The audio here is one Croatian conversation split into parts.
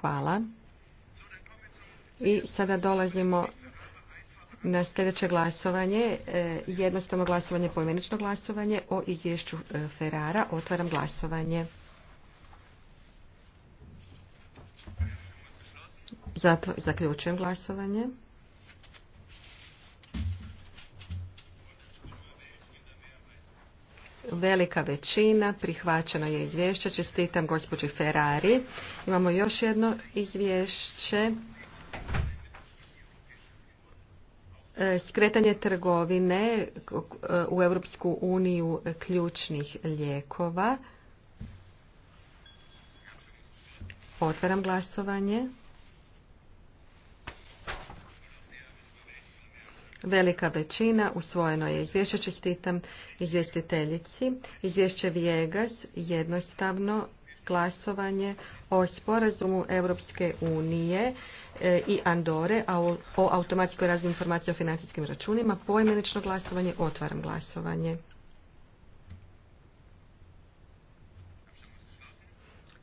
Hvala. I sada dolazimo na sljedeće glasovanje, e, jednostavno glasovanje, poimenično glasovanje o izvješću e, Ferrara. Otvaram glasovanje. Zato zaključujem glasovanje. velika većina, prihvaćeno je izvješće. Čestitam gospođi Ferrari. Imamo još jedno izvješće. E, skretanje trgovine e, u Europsku uniju ključnih lijekova. Otvaram glasovanje. velika većina, usvojeno je izvješće, čestitam izvjestiteljici. Izvješće Vijegas, jednostavno glasovanje o sporazumu Europske unije e, i Andore o automatskoj razmjeni informacije o financijskim računima. Pojmenično glasovanje, otvaram glasovanje.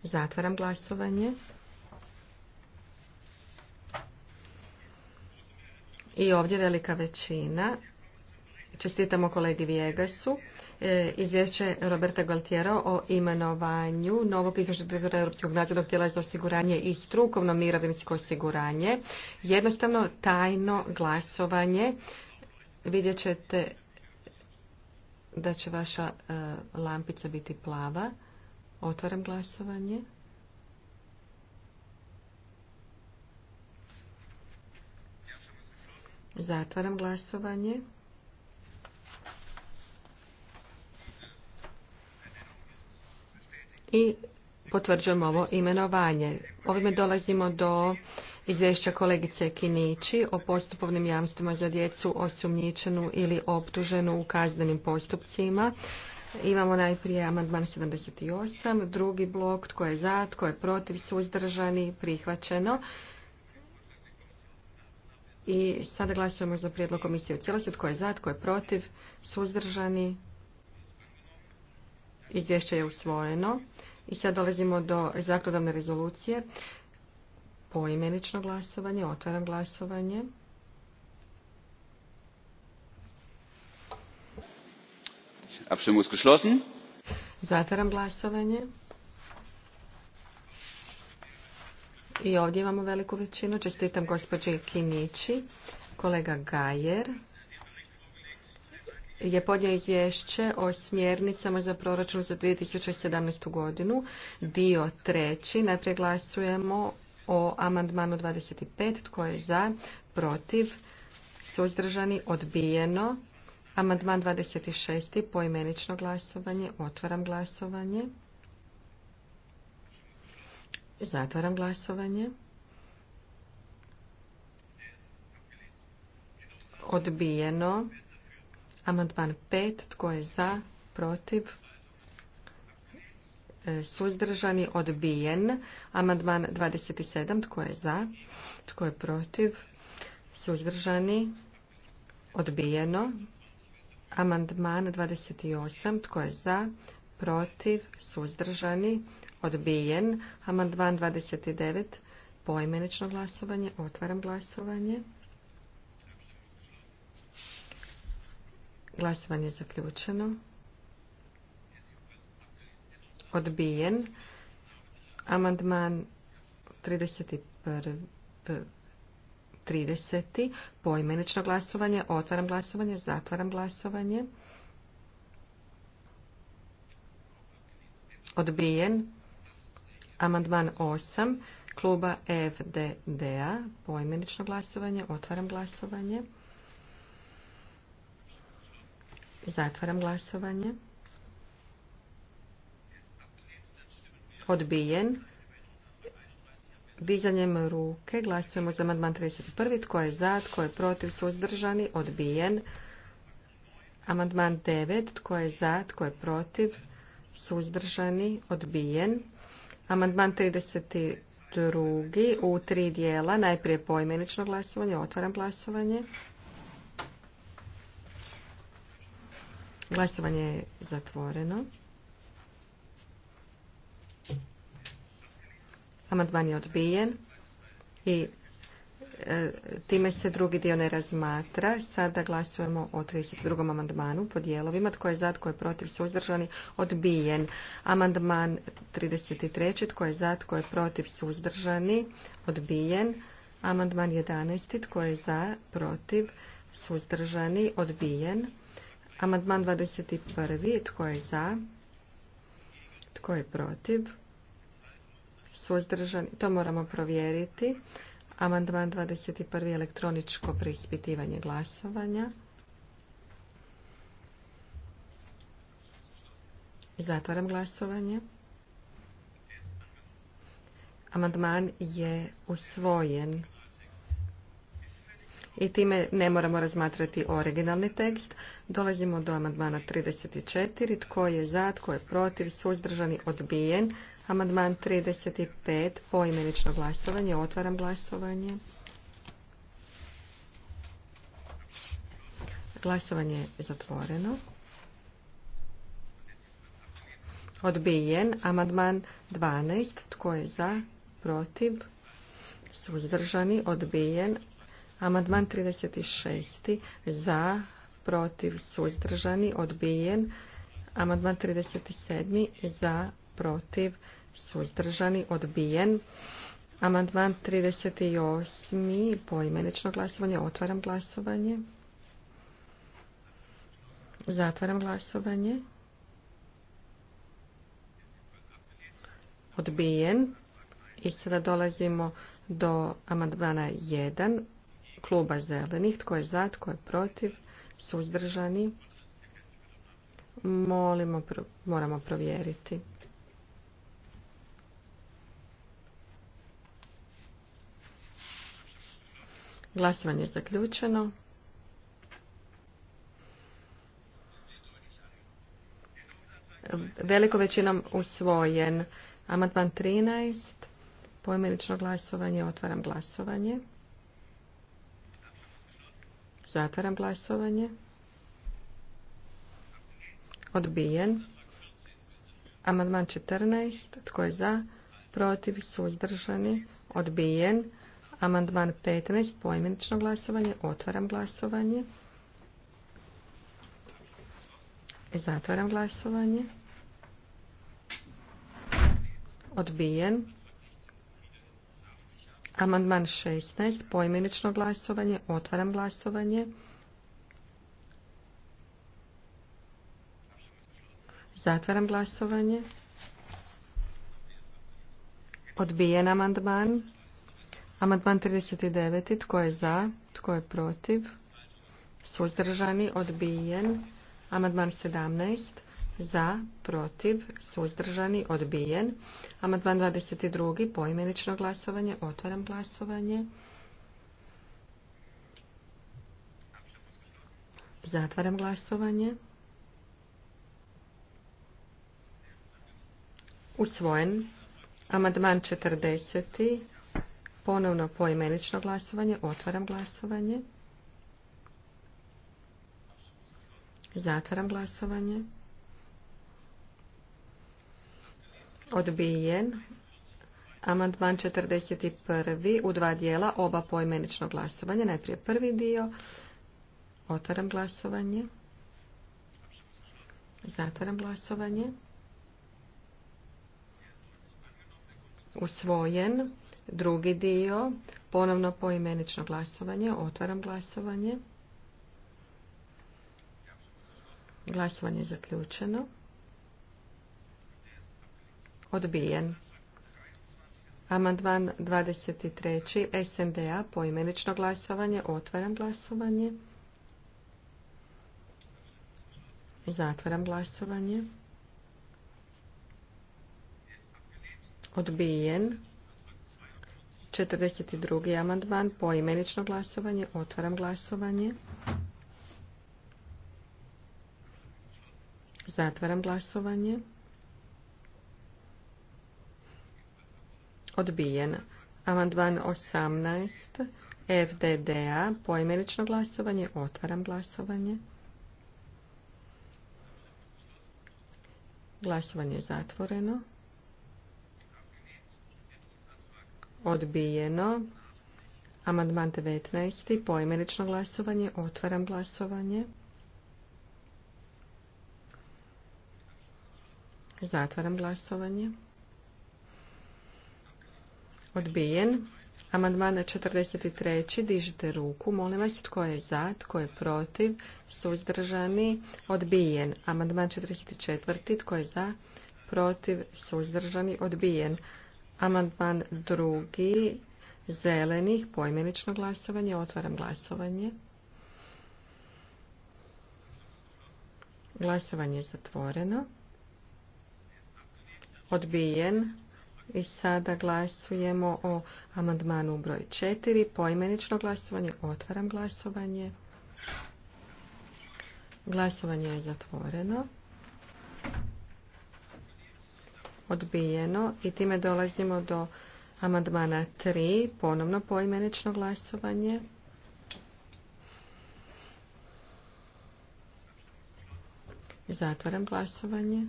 Zatvaram glasovanje. i ovdje velika većina. Čestitamo kolegi Vijegasu. E, izvješće Roberta Galtiero o imenovanju novog izvršnog direktora Europskog nadzornog tijela za osiguranje i strukovno mirovinsko osiguranje. Jednostavno tajno glasovanje. Vidjet ćete da će vaša e, lampica biti plava. Otvaram glasovanje. Zatvaram glasovanje. I potvrđujemo ovo imenovanje. Ovime dolazimo do izvješća kolegice Kinići o postupovnim jamstvima za djecu osumnjičenu ili optuženu u kaznenim postupcima. Imamo najprije amandman 78, drugi blok, tko je za, tko je protiv, suzdržani, prihvaćeno. I sada glasujemo za prijedlog komisije u cijelosti. Tko je za, tko je protiv, suzdržani. Izvješće je usvojeno. I sad dolazimo do zakonodavne rezolucije. Poimenično glasovanje, otvaram glasovanje. Abstimmung Zatvaram glasovanje. I ovdje imamo veliku većinu. Čestitam gospođi Kinići. Kolega Gajer je podnio izvješće o smjernicama za proračun za 2017. godinu. Dio treći. Najprije glasujemo o amandmanu 25. Tko je za? Protiv? Suzdržani? Odbijeno? Amandman 26. Poimenično glasovanje. Otvaram glasovanje. Zatvaram glasovanje. Odbijeno. Amandman 5. Tko je za? Protiv? E, suzdržani? Odbijen. Amandman 27. Tko je za? Tko je protiv? Suzdržani? Odbijeno. Amandman 28. Tko je za? Protiv? Suzdržani? odbijen. Amandman 29, poimenično glasovanje, otvaram glasovanje. Glasovanje je zaključeno. Odbijen. Amandman 31. 30. Poimenično glasovanje. Otvaram glasovanje. Zatvaram glasovanje. Odbijen. Amandman 8 kluba FDDA, a glasovanje, otvaram glasovanje. Zatvaram glasovanje. Odbijen. Dizanjem ruke glasujemo za amandman 31. Tko je za, tko je protiv, suzdržani, odbijen. Amandman 9. Tko je za, tko je protiv, suzdržani, odbijen. Amandman 32. u tri dijela. Najprije poimenično glasovanje. Otvaram glasovanje. Glasovanje je zatvoreno. Amandman je odbijen. I Time se drugi dio ne razmatra. Sada glasujemo o 32. amandmanu po dijelovima. Tko je za, tko je protiv, suzdržani, odbijen. Amandman 33. Tko je za, tko je protiv, suzdržani, odbijen. Amandman 11. Tko je za, protiv, suzdržani, odbijen. Amandman 21. Tko je za, tko je protiv, suzdržani. To moramo provjeriti. Amandman 21. elektroničko preispitivanje glasovanja. Zatvaram glasovanje. Amandman je usvojen. I time ne moramo razmatrati originalni tekst. Dolazimo do amandmana 34. Tko je za, tko je protiv, suzdržani, odbijen. Amandman 35, poimenično glasovanje. Otvaram glasovanje. Glasovanje je zatvoreno. Odbijen. Amandman 12. Tko je za? Protiv? Suzdržani? Odbijen. Amandman 36. Za? Protiv? Suzdržani? Odbijen. Amandman 37. Za? protiv, suzdržani, odbijen. Amandman 38. poimenično glasovanje. Otvaram glasovanje. Zatvaram glasovanje. Odbijen. I sada dolazimo do amandmana 1 kluba zelenih. Tko je za, tko je protiv, suzdržani. Molimo, moramo provjeriti. Glasovanje je zaključeno. Veliko većinom usvojen. Amandman 13. Pojmenično glasovanje. Otvaram glasovanje. Zatvaram glasovanje. Odbijen. Amandman 14. Tko je za? Protiv? Suzdržani? Odbijen. Amandman 15, poimenično glasovanje. Otvaram glasovanje. Zatvaram glasovanje. Odbijen. Amandman 16, poimenično glasovanje. Otvaram glasovanje. Zatvaram glasovanje. Odbijen amandman. Amandman 39. Tko je za? Tko je protiv? Suzdržani? Odbijen. Amandman 17. Za? Protiv? Suzdržani? Odbijen. Amandman 22. Poimenično glasovanje. Otvaram glasovanje. Zatvaram glasovanje. Usvojen. Amandman 40. Ponovno poimenično glasovanje. Otvaram glasovanje. Zatvaram glasovanje. Odbijen. Amandman 41. U dva dijela oba poimenično glasovanje. Najprije prvi dio. Otvaram glasovanje. Zatvaram glasovanje. Usvojen. Drugi dio, ponovno poimenično glasovanje, otvaram glasovanje. Glasovanje je zaključeno. Odbijen. Amandman 23. SNDA poimenično glasovanje. Otvaram glasovanje. Zatvaram glasovanje. Odbijen. 42. amandman, poimenično glasovanje, otvaram glasovanje. Zatvaram glasovanje. Odbijen. Amandman 18. FDDA. Poimenično glasovanje. Otvaram glasovanje. Glasovanje je zatvoreno. odbijeno. Amandman 19. Poimenično glasovanje. Otvaram glasovanje. Zatvaram glasovanje. Odbijen. Amandman 43. Dižite ruku. Molim vas tko je za, tko je protiv, suzdržani. Odbijen. Amandman 44. Tko je za, protiv, suzdržani. Odbijen. Amandman drugi zelenih, poimenično glasovanje. Otvaram glasovanje. Glasovanje je zatvoreno. Odbijen. I sada glasujemo o amandmanu broj četiri, Poimenično glasovanje. Otvaram glasovanje. Glasovanje je zatvoreno odbijeno i time dolazimo do amandmana 3, ponovno poimenično glasovanje. Zatvaram glasovanje.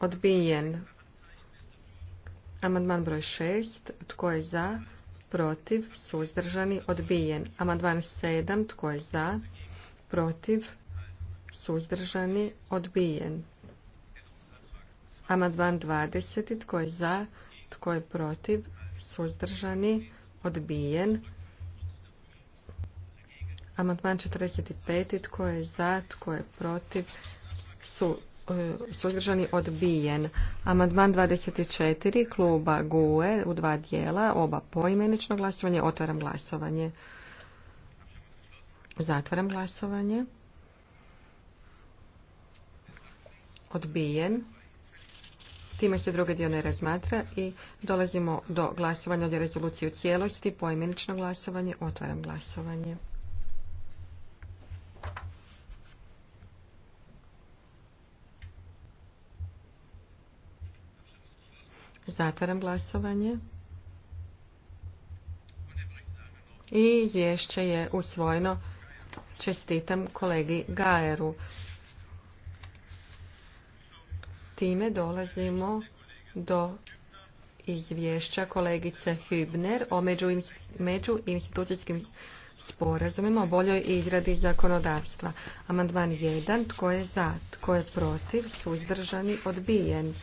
Odbijen. Amandman broj 6. Tko je za? Protiv. Suzdržani. Odbijen. Amandman 7. Tko je za? Protiv suzdržani, odbijen. Amandman 20. Tko je za? Tko je protiv? Suzdržani, odbijen. Amandman 45. Tko je za? Tko je protiv? E, suzdržani odbijen. Amandman 24 kluba GUE u dva dijela, oba poimenično glasovanje, otvaram glasovanje. Zatvaram glasovanje. odbijen. Time se drugi dio ne razmatra i dolazimo do glasovanja o rezolucije u cijelosti, poimenično glasovanje, otvaram glasovanje. Zatvaram glasovanje. I izvješće je usvojeno. Čestitam kolegi Gajeru. Time dolazimo do izvješća kolegice Hübner o međuinstitucijskim sporazumima o boljoj izradi zakonodavstva. Amandman 1. Tko je za? Tko je protiv? Suzdržani? Odbijen.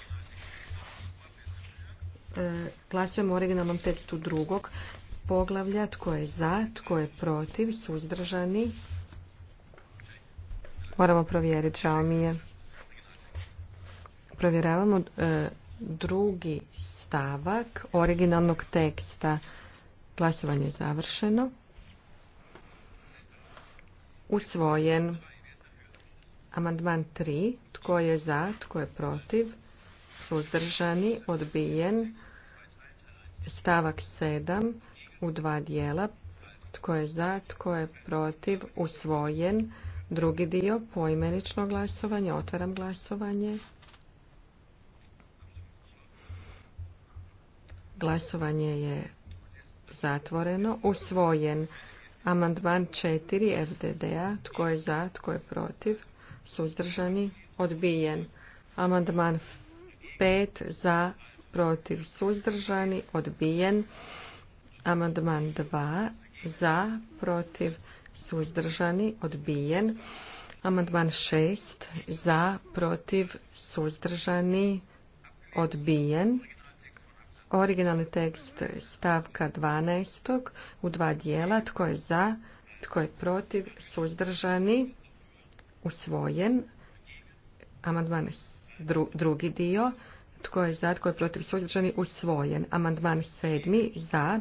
E, glasujemo o originalnom tekstu drugog poglavlja. Tko je za? Tko je protiv? Suzdržani? Moramo provjeriti. Žao mi je provjeravamo e, drugi stavak originalnog teksta. Glasovanje je završeno. Usvojen. Amandman 3. Tko je za, tko je protiv? Suzdržani, odbijen. Stavak 7 u dva dijela. Tko je za, tko je protiv, usvojen. Drugi dio poimenično glasovanje. Otvaram glasovanje. Glasovanje je zatvoreno. Usvojen amandman 4 FDD-a. Tko je za, tko je protiv? Suzdržani. Odbijen. Amandman 5 za, protiv, suzdržani. Odbijen. Amandman 2 za, protiv, suzdržani. Odbijen. Amandman 6 za, protiv, suzdržani. Odbijen. Originalni tekst stavka 12. u dva dijela. Tko je za, tko je protiv, suzdržani, usvojen. Amandman dru, drugi dio. Tko je za, tko je protiv, suzdržani, usvojen. Amandman sedmi za,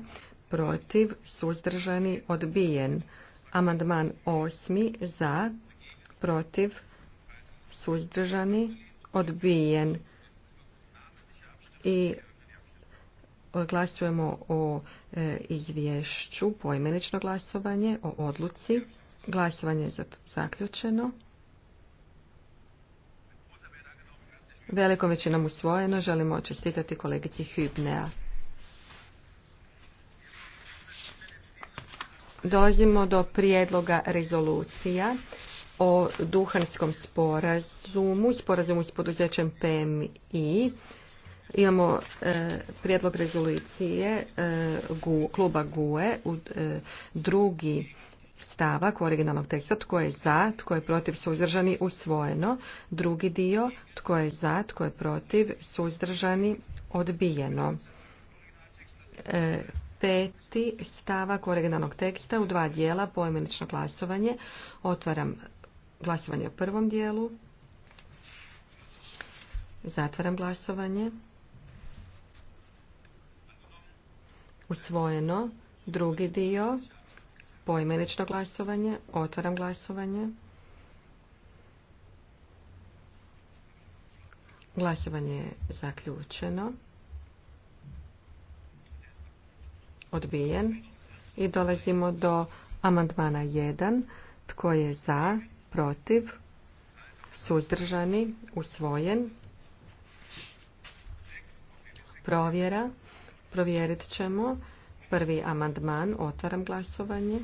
protiv, suzdržani, odbijen. Amandman osmi za, protiv, suzdržani, odbijen. I glasujemo o e, izvješću, poimenično glasovanje, o odluci. Glasovanje je zaključeno. Velikom većinom usvojeno želimo čestitati kolegici Hübnea. Dolazimo do prijedloga rezolucija o duhanskom sporazumu, sporazumu s poduzećem PMI. Imamo e, prijedlog rezolucije e, kluba GUE u e, drugi stavak originalnog teksta tko je za, tko je protiv suzdržani usvojeno. Drugi dio tko je za, tko je protiv suzdržani odbijeno. Peti stavak originalnog teksta u dva dijela poimenično glasovanje. Otvaram glasovanje u prvom dijelu. Zatvaram glasovanje. usvojeno. Drugi dio, poimenično glasovanje, otvaram glasovanje. Glasovanje je zaključeno. Odbijen. I dolazimo do amandmana 1. Tko je za, protiv, suzdržani, usvojen. Provjera. Provjerit ćemo. Prvi amandman, otvaram glasovanje.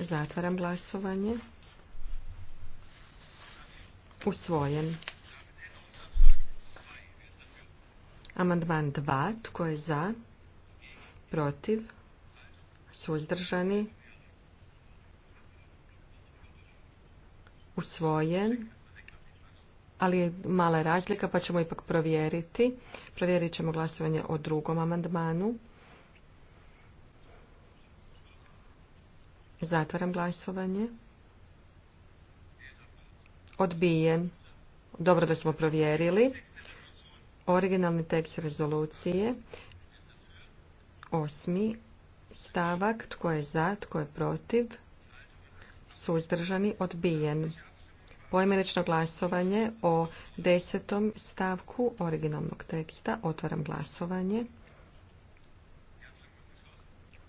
Zatvaram glasovanje. Usvojen. Amandman 2. Tko je za? Protiv? Suzdržani? Usvojen ali je mala razlika pa ćemo ipak provjeriti. Provjerit ćemo glasovanje o drugom amandmanu. Zatvaram glasovanje. Odbijen. Dobro da smo provjerili. Originalni tekst rezolucije. Osmi stavak. Tko je za, tko je protiv? Suzdržani, odbijen poimenično glasovanje o desetom stavku originalnog teksta. Otvaram glasovanje.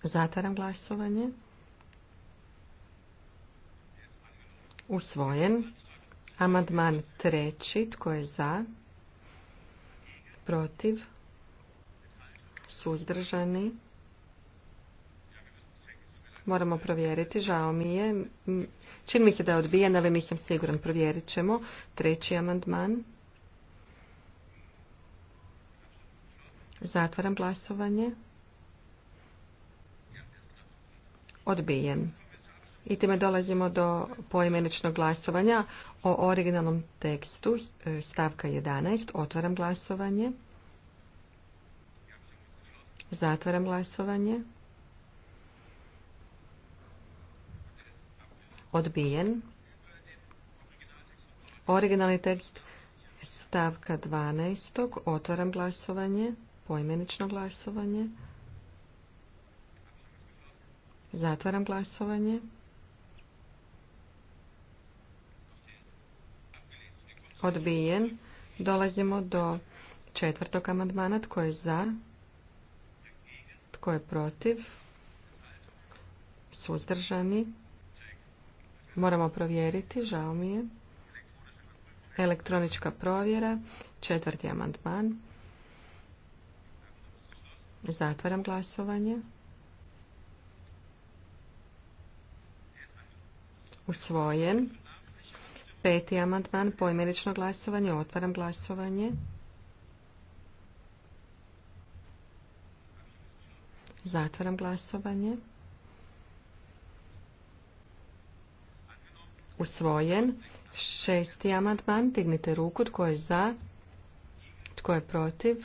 Zatvaram glasovanje. Usvojen. Amandman treći. Tko je za? Protiv? Suzdržani? Moramo provjeriti, žao mi je. Čini mi se da je odbijen, ali nisam siguran. Provjerit ćemo. Treći amandman. Zatvaram glasovanje. Odbijen. I time dolazimo do poimeničnog glasovanja o originalnom tekstu e, stavka 11. Otvaram glasovanje. Zatvaram glasovanje. odbijen. Originalni tekst stavka 12. Otvaram glasovanje, poimenično glasovanje. Zatvaram glasovanje. Odbijen. Dolazimo do četvrtog amandmana. Tko je za? Tko je protiv? Suzdržani? Moramo provjeriti, žao mi je. Elektronička provjera, četvrti amandman. Zatvaram glasovanje. Usvojen. Peti amandman, poimenično glasovanje, otvaram glasovanje. Zatvaram glasovanje. usvojen. Šesti amandman, dignite ruku, tko je za, tko je protiv,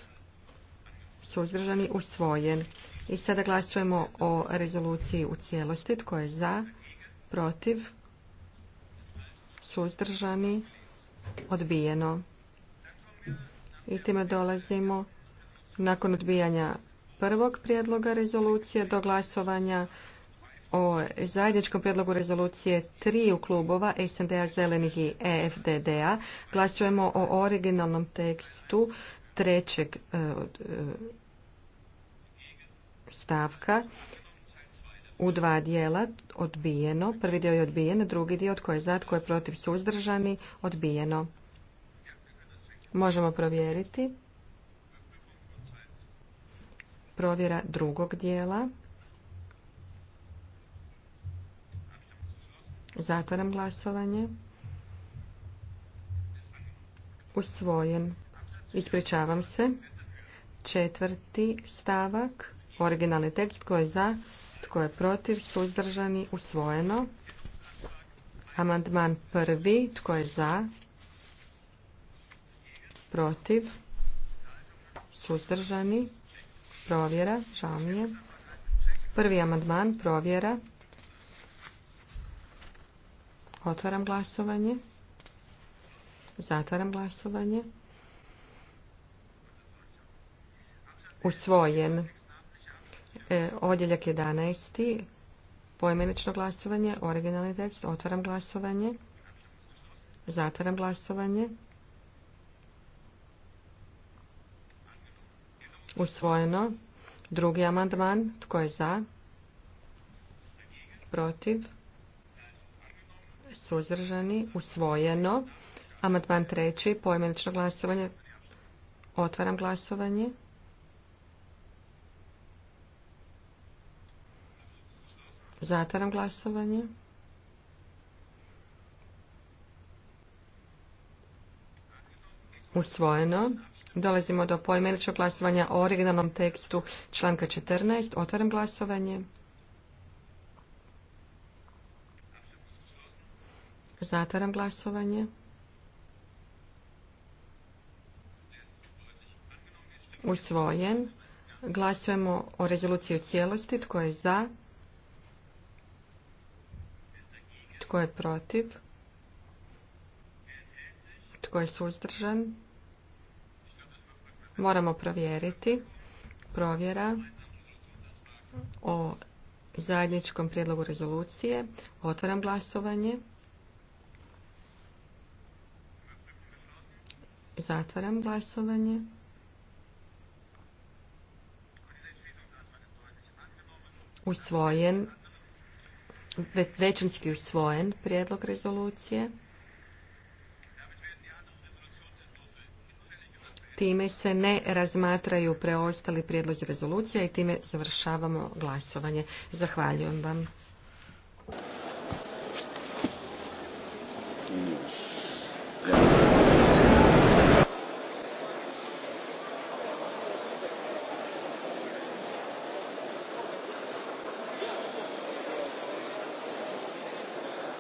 suzdržani, usvojen. I sada glasujemo o rezoluciji u cijelosti, tko je za, protiv, suzdržani, odbijeno. I time dolazimo nakon odbijanja prvog prijedloga rezolucije do glasovanja o zajedničkom prijedlogu rezolucije triju klubova snda Zelenih i EFDDA Glasujemo o originalnom tekstu trećeg e, e, stavka u dva dijela odbijeno. Prvi dio je odbijen, drugi dio tko je za, tko je protiv suzdržani, odbijeno. Možemo provjeriti. Provjera drugog dijela. Zatvaram glasovanje. Usvojen. Ispričavam se. Četvrti stavak. Originalni tekst. Tko je za? Tko je protiv? Suzdržani? Usvojeno. Amandman prvi. Tko je za? Protiv? Suzdržani? Provjera. Žao je. Prvi amandman. Provjera. Otvaram glasovanje. Zatvaram glasovanje. Usvojen. E, odjeljak 11. Pojmenično glasovanje. Originalni tekst. Otvaram glasovanje. Zatvaram glasovanje. Usvojeno. Drugi amandman. Tko je za? Protiv? suzdržani, usvojeno. Amandman treći, pojmenično glasovanje. Otvaram glasovanje. Zatvaram glasovanje. Usvojeno. Dolazimo do pojmeničnog glasovanja o originalnom tekstu članka 14. Otvaram glasovanje. Zatvaram glasovanje. Usvojen. Glasujemo o rezoluciji u cijelosti. Tko je za? Tko je protiv? Tko je suzdržan? Moramo provjeriti. Provjera o zajedničkom prijedlogu rezolucije. Otvaram glasovanje. Zatvaram glasovanje. Usvojen, većinski usvojen prijedlog rezolucije. Time se ne razmatraju preostali prijedlozi rezolucija i time završavamo glasovanje. Zahvaljujem vam.